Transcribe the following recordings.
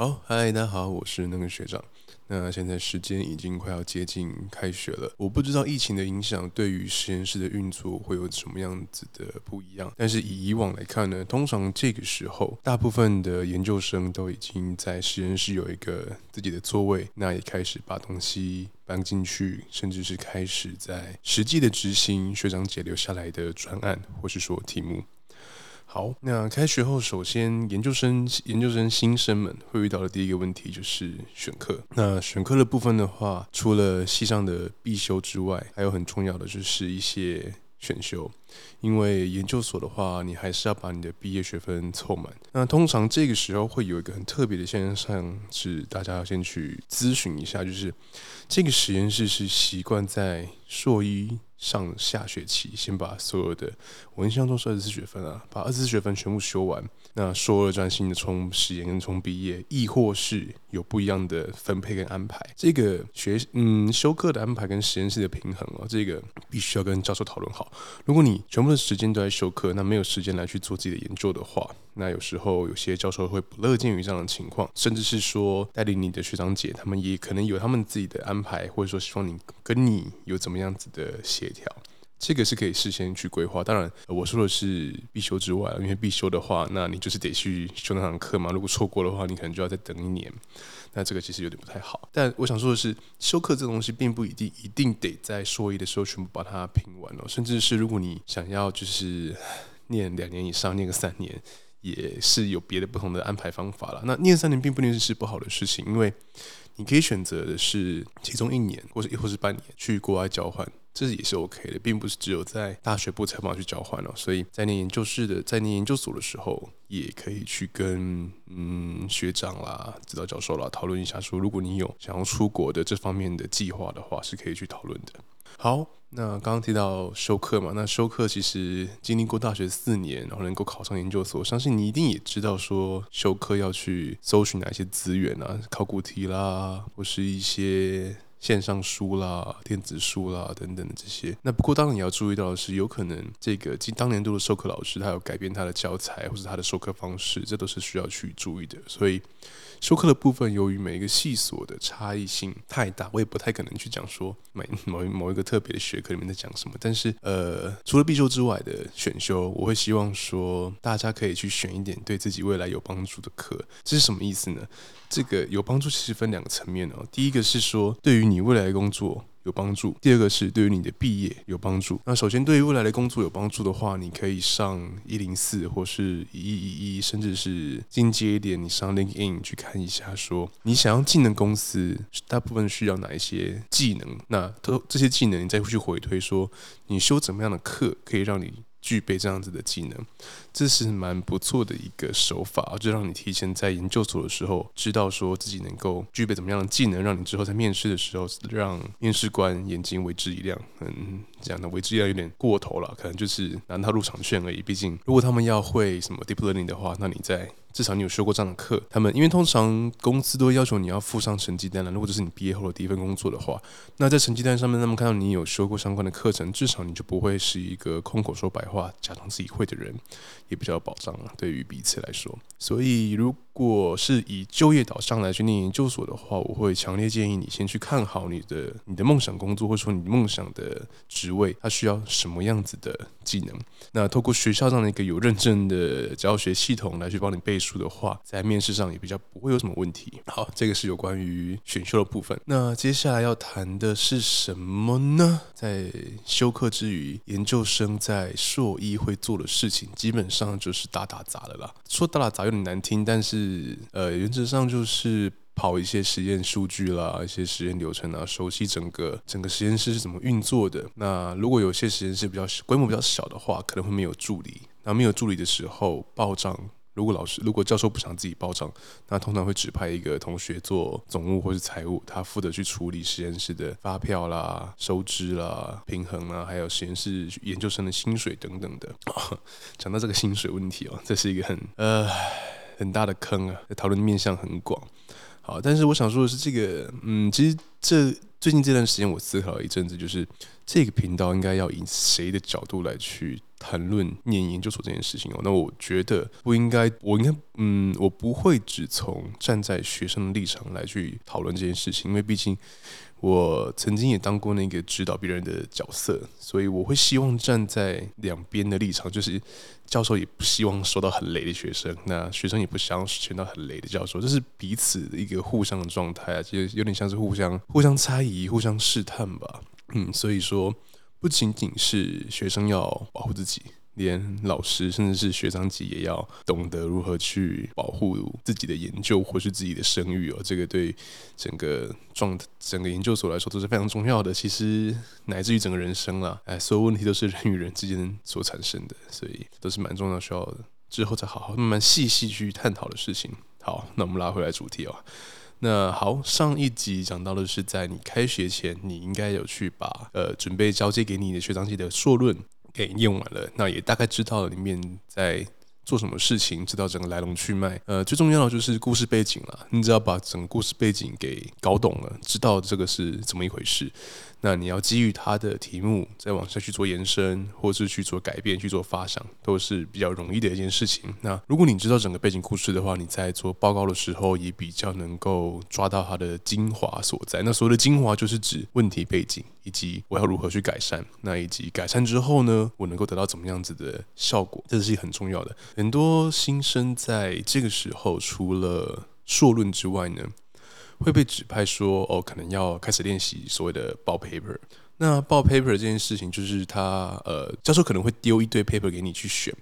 好，嗨，大家好，我是那個學長。那現在時間已經快要接近開學了，我不知道疫情的影響對於實驗室的運作會有什麼樣子的不一樣。但是以以往來看呢，通常這個時候，大部分的研究生都已經在實驗室有一個自己的座位，那也開始把東西搬進去，甚至是開始在實際的執行學長姐留下來的專案，或是說題目。好，那開學後，首先研究生研究生新生們會遇到的第一個問題就是選課。那選課的部分的話，除了系上的必修之外，還有很重要的就是一些。選修，因為研究所的話，你還是要把你的畢業學分湊滿。那通常這個時候會有一個很特別的現象，是大家要先去諮詢一下，就是這個實驗室是習慣在碩一上下學期先把所有的，我印象中是二十四學分啊，把二十四學分全部修完。那說了，專心的衝實驗跟衝畢業，亦或是有不一樣的分配跟安排？這個學，嗯，修課的安排跟實驗室的平衡哦，這個必須要跟教授討論好。如果你全部的時間都在修課，那沒有時間來去做自己的研究的話，那有時候有些教授會不樂見於這樣的情況，甚至是說帶領你的學長姐，他們也可能有他們自己的安排，或者說希望你跟你有怎麼樣子的協調。這個是可以事先去規劃，當然，呃，我說的是必修之外，因為必修的話，那你就是得去修那堂課嘛。如果錯過的話，你可能就要再等一年。那這個其實有點不太好。但我想說的是，修課這東西並不一定一定得在碩一的時候全部把它拼完哦。甚至是如果你想要就是念兩年以上，念個三年，也是有別的不同的安排方法了。那念三年並不一定是不好的事情，因為你可以選擇的是其中一年或者亦或是半年去國外交換。這也是 OK 的，並不是只有在大學部才要去交換哦。所以在念研究室的，在念研究所的時候，也可以去跟嗯學長啦、指導教授啦討論一下說，說如果你有想要出國的這方面的計劃的話，是可以去討論的。好，那剛剛提到修課嘛，那修課其實經歷過大學四年，然後能夠考上研究所，相信你一定也知道說修課要去搜尋哪一些資源啊，考古題啦，或是一些。線上書啦、電子書啦等等的這些，那不過當然你要注意到的是，有可能這個即當年度的授課老師他有改變他的教材或是他的授課方式，這都是需要去注意的，所以。修課的部分，由於每一個系所的差異性太大，我也不太可能去講說每某某一個特別的學科裡面在講什麼。但是，呃，除了必修之外的選修，我會希望說大家可以去選一點對自己未來有幫助的課。這是什麼意思呢？這個有幫助其實分兩個層面哦。第一個是說，對於你未來的工作。有幫助。第二個是對於你的畢業有幫助。那首先對於未來的工作有幫助的話，你可以上一零四或是一一一一，甚至是進階一點，你上 LinkedIn 去看一下，說你想要進的公司大部分需要哪一些技能，那都這些技能你再去回推，說你修怎麼樣的課可以讓你。具備這樣子的技能，這是蠻不錯的一個手法，就讓你提前在研究所的時候知道說自己能夠具備怎麼樣的技能，讓你之後在面試的時候讓面試官眼睛為之一亮。嗯，這樣的為之一亮有點過頭了，可能就是拿到入場券而已。畢竟如果他們要會什麼 deep learning 的話，那你在。至少你有修過這樣的課，他們因為通常公司都要求你要附上成績單了。如果這是你畢業後的第一份工作的話，那在成績單上面他們看到你有修過相關的課程，至少你就不會是一個空口說白話、假裝自己會的人，也比較有保障啊。對於彼此來說，所以如。如果是以就業導向來去念研究所的話，我會強烈建議你先去看好你的你的夢想工作，或者說你夢想的職位，它需要什麼樣子的技能。那透過學校上的一個有認證的教學系統來去幫你背書的話，在面試上也比較不會有什麼問題。好，這個是有關於選修的部分。那接下來要談的是什麼呢？在修課之餘，研究生在碩一會做的事情，基本上就是打打雜的啦。說打打雜有點難聽，但是是呃，原則上就是跑一些實驗數據啦，一些實驗流程啊，熟悉整個整個實驗室是怎麼運作的。那如果有些實驗室比較小，規模比較小的話，可能會沒有助理。那沒有助理的時候，報賬，如果老師如果教授不想自己報賬，那通常會指派一個同學做總務或是財務，他負責去處理實驗室的發票啦、收支啦、平衡啦、啊，還有實驗室研究生的薪水等等的。講到這個薪水問題哦、喔，這是一個很呃。很大的坑啊，討論面向很廣，好，但是我想說的是，這個，嗯，其實這最近這段時間我思考了一陣子，就是這個頻道應該要以誰的角度來去談論念研究所這件事情哦。那我覺得不應該，我應該，嗯，我不會只從站在學生的立場來去討論這件事情，因為畢竟。我曾經也當過那個指導別人的角色，所以我會希望站在兩邊的立場，就是教授也不希望收到很雷的學生，那學生也不希望選到很雷的教授，這，就是彼此的一個互相的狀態啊，其實有點像是互相、互相猜疑、互相試探吧。嗯，所以說不僅僅是學生要保護自己。連老師甚至是學長級也要懂得如何去保護自己的研究，或是自己的聲譽哦，這個對整個狀整個研究所來說都是非常重要的。其實乃至於整個人生啊，哎，所有問題都是人與人之間所產生的，所以都是蠻重要，需要的之後再好好慢慢細細去探討的事情。好，那我們拉回來主題哦、喔，那好，上一集講到的是在你開學前，你應該有去把呃準備交接給你的學長級的碩論。給、欸，念完了，那也大概知道了裡面在做什麼事情，知道整個來龍去脈。呃，最重要的就是故事背景了，你只要把整個故事背景給搞懂了，知道這個是怎麼一回事。那你要基於它的題目再往下去做延伸，或是去做改變、去做發想，都是比較容易的一件事情。那如果你知道整個背景故事的話，你在做報告的時候也比較能夠抓到它的精華所在。那所謂的精華就是指問題背景以及我要如何去改善，那以及改善之後呢，我能夠得到怎麼樣子的效果，這是很重要的。很多新生在這個時候，除了碩論之外呢。會被指派說哦，可能要開始練習所謂的報 paper。那報 paper 這件事情，就是他呃，教授可能會丟一堆 paper 給你去選，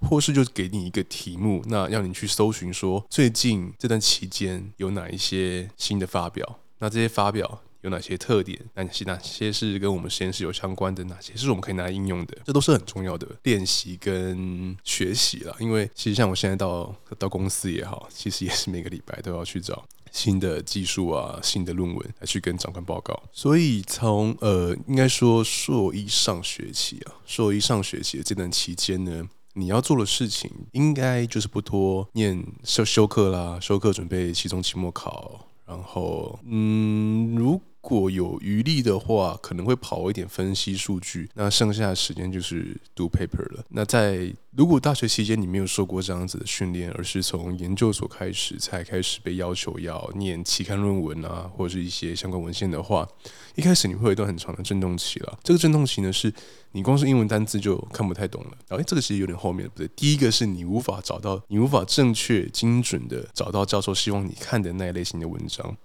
或是就給你一個題目，那讓你去搜尋說最近這段期間有哪一些新的發表，那這些發表有哪些特點，哪些哪些是跟我們實驗室有相關的，哪些是我們可以拿來應用的，這都是很重要的練習跟學習啦。因為其實像我現在到到公司也好，其實也是每個禮拜都要去找。新的技術啊，新的論文，來去跟長官報告。所以從呃，應該說碩一上學期啊，碩一上學期的這段期間呢，你要做的事情應該就是不多，念修修課啦，修課準備期中期末考，然後嗯，如果有餘力的話，可能會跑一點分析數據，那剩下的時間就是讀 paper 了。那在如果大學期間你沒有受過這樣子的訓練，而是從研究所開始才開始被要求要念期刊論文啊，或者是一些相關文獻的話，一開始你會有一段很長的陣痛期了。這個陣痛期呢，是你光是英文單字就看不太懂了。然後，這個其實有點後面的不對。第一個是你無法找到，你無法正確精準的找到教授希望你看的那一類型的文章。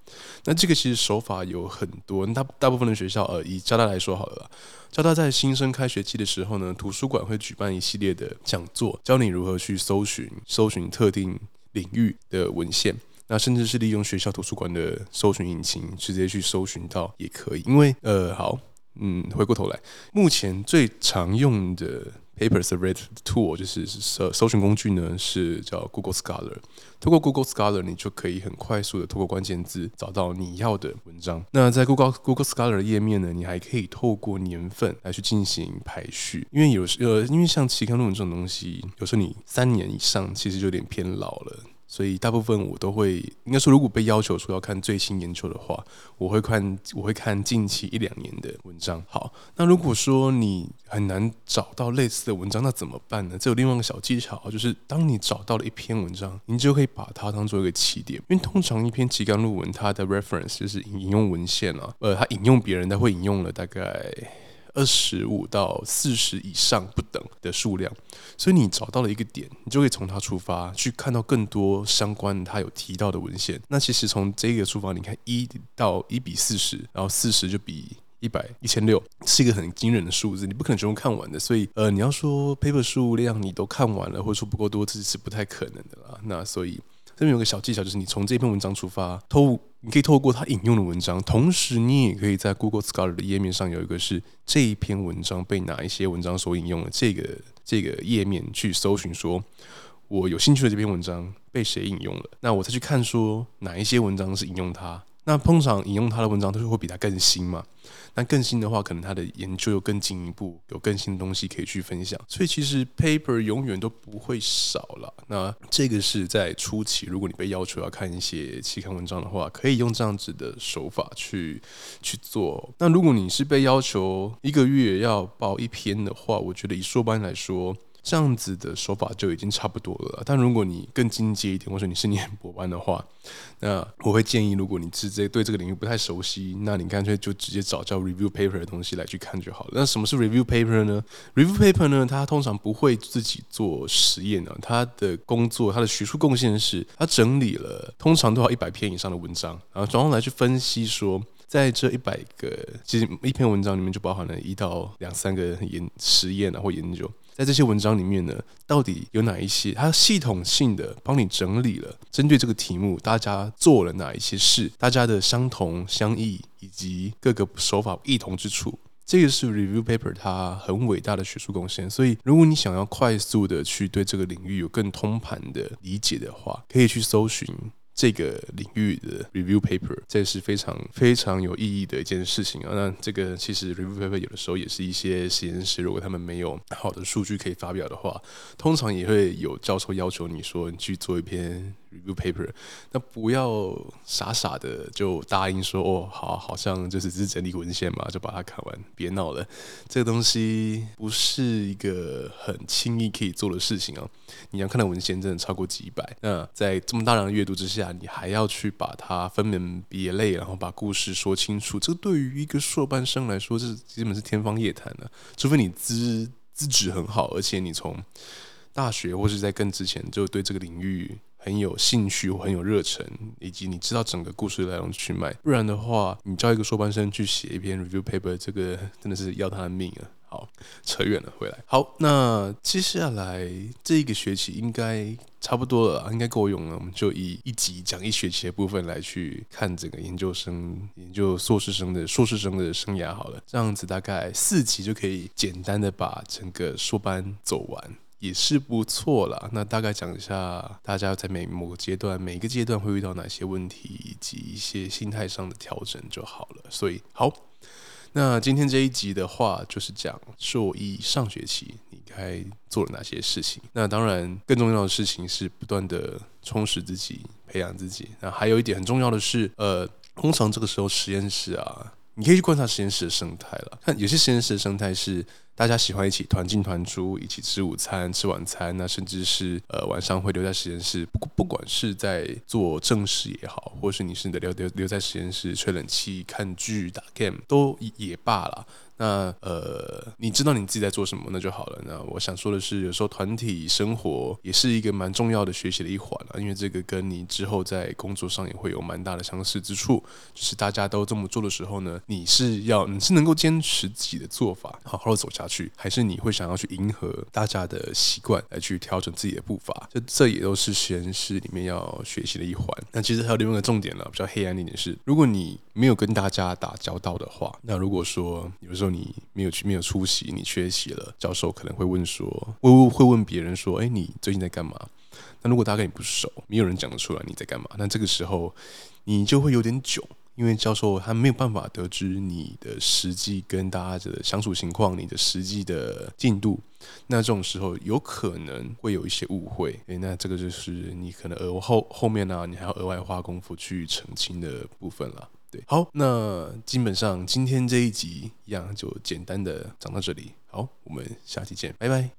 那這個其實手法有很多。大大部分的學校，呃，以交大來說好了，交大在新生開學季的時候呢，圖書館會舉辦一系列的講。做教你如何去搜尋、搜尋特定領域的文獻，那甚至是利用學校圖書館的搜尋引擎，直接去搜尋到也可以。因為呃，好。嗯，回過頭來，目前最常用的 papers read tool 就是搜搜尋工具呢，是叫 Google Scholar，透過 Google Scholar，你就可以很快速的透過關鍵字找到你要的文章。那在 Google Google Scholar 的頁面呢，你還可以透過年份來去進行排序，因為有時呃，因為像期刊論文這種東西，有時候你三年以上其實就有點偏老了。所以大部分我都會，應該說，如果被要求說要看最新研究的話，我會看，我會看近期一兩年的文章。好，那如果說你很難找到類似的文章，那怎麼辦呢？這有另外一個小技巧，啊，就是當你找到了一篇文章，你就可以把它當做一個起點，因為通常一篇期刊論文，它的 reference 就是引用文獻啊，呃，它引用別人，它會引用了大概。二十五到四十以上不等的數量，所以你找到了一個點，你就可以從它出發去看到更多相關它有提到的文獻。那其實從這個出發，你看一到一比四十，然後四十就比一百一千六，是一個很驚人的數字。你不可能全部看完的，所以呃，你要說 paper 數量你都看完了，或者說不夠多，這是不太可能的啦。那所以。這邊有一個小技巧，就是你從這篇文章出發，透，你可以透過它引用的文章，同時你也可以在 Google Scholar 的頁面上有一個是這一篇文章被哪一些文章所引用的，這個這個這個頁面去搜尋說，我有興趣的這篇文章被誰引用了，那我再去看說哪一些文章是引用它。那通常引用他的文章，都是會比他更新嘛？那更新的話，可能他的研究又更進一步，有更新的東西可以去分享。所以其實 paper 永遠都不會少了。那這個是在初期，如果你被要求要看一些期刊文章的話，可以用這樣子的手法去去做。那如果你是被要求一個月要報一篇的話，我覺得以碩班來說。這樣子的說法就已經差不多了。但如果你更進階一點，或者你是念博班的話，那我會建議，如果你直接對這個領域不太熟悉，那你乾脆就直接找叫 review paper 的東西來去看就好了。那什麼是 review paper 呢？review paper 呢，它通常不會自己做實驗啊，他的工作，他的學術貢獻是，他整理了通常都要一百篇以上的文章，然後轉過來去分析說，在這一百個其實一篇文章裡面就包含了一到兩三個研實驗啊或研究。在這些文章裡面呢，到底有哪一些？它系統性的幫你整理了，針對這個題目，大家做了哪一些事？大家的相同、相異，以及各個手法異同之處，這個是 review paper 它很偉大的學術貢獻。所以，如果你想要快速的去對這個領域有更通盤的理解的話，可以去搜尋。這個領域的 review paper 這是非常非常有意義的一件事情啊。那這個其實 review paper 有的時候也是一些實驗室如果他們沒有好的數據可以發表的話，通常也會有教授要求你說你去做一篇。review paper，那不要傻傻的就答應說哦好，好像就是只是整理文獻嘛，就把它看完，別鬧了。這個東西不是一個很輕易可以做的事情哦。你要看的文獻真的超過幾百，那在這麼大量的閱讀之下，你還要去把它分門別類，然後把故事說清楚，這對於一個碩班生來說，這基本是天方夜譚的啊，除非你資資質很好，而且你從大學或是在更之前就對這個領域。很有興趣，很有熱忱，以及你知道整個故事來龍去脈，不然的話，你叫一個碩班生去寫一篇 review paper，這個真的是要他的命了。好，扯遠了，回來。好，那接下來這個學期應該差不多了，應該夠用了。我們就以一集講一學期的部分來去看整個研究生、研究碩士生的碩士生的生涯好了。這樣子大概四集就可以簡單的把整個碩班走完。也是不錯啦。那大概講一下，大家在每某個階段、每個階段會遇到哪些問題，以及一些心態上的調整就好了。所以，好，那今天這一集的話，就是講碩一上學期你該做了哪些事情。那當然，更重要的事情是不斷的充實自己、培養自己。那還有一點很重要的是，呃，通常這個時候實驗室啊，你可以去觀察實驗室的生態了。看，有些實驗室的生態是。大家喜歡一起團進團出，一起吃午餐、吃晚餐、啊，那甚至是呃晚上會留在實驗室。不不管是在做正事也好，或是你是你的留留留在實驗室吹冷氣、看劇、打 game，都也罷了。那呃，你知道你自己在做什麼，那就好了。那我想說的是，有時候團體生活也是一個蠻重要的學習的一環啊。因為這個跟你之後在工作上也會有蠻大的相似之處。就是大家都這麼做的時候呢，你是要你是能夠堅持自己的做法，好好的走下去，還是你會想要去迎合大家的習慣來去調整自己的步伐？這這也都是實驗室裡面要學習的一環。那其實還有另外一個重點呢，比較黑暗的一點是，如果你沒有跟大家打交道的話，那如果說有時候。你沒有去，沒有出席，你缺席了，教授可能會問說，會問會問別人說，哎，你最近在幹嘛？那如果大家跟你不熟，沒有人講得出來你在幹嘛，那這個時候你就會有點窘。因為教授他沒有辦法得知你的實際跟大家的相處情況，你的實際的進度，那這種時候有可能會有一些誤會，欸，那這個就是你可能呃後後面呢，啊，你還要額外花功夫去澄清的部分了。對，好，那基本上今天這一集一樣，就簡單的講到這裡。好，我們下期見，拜拜。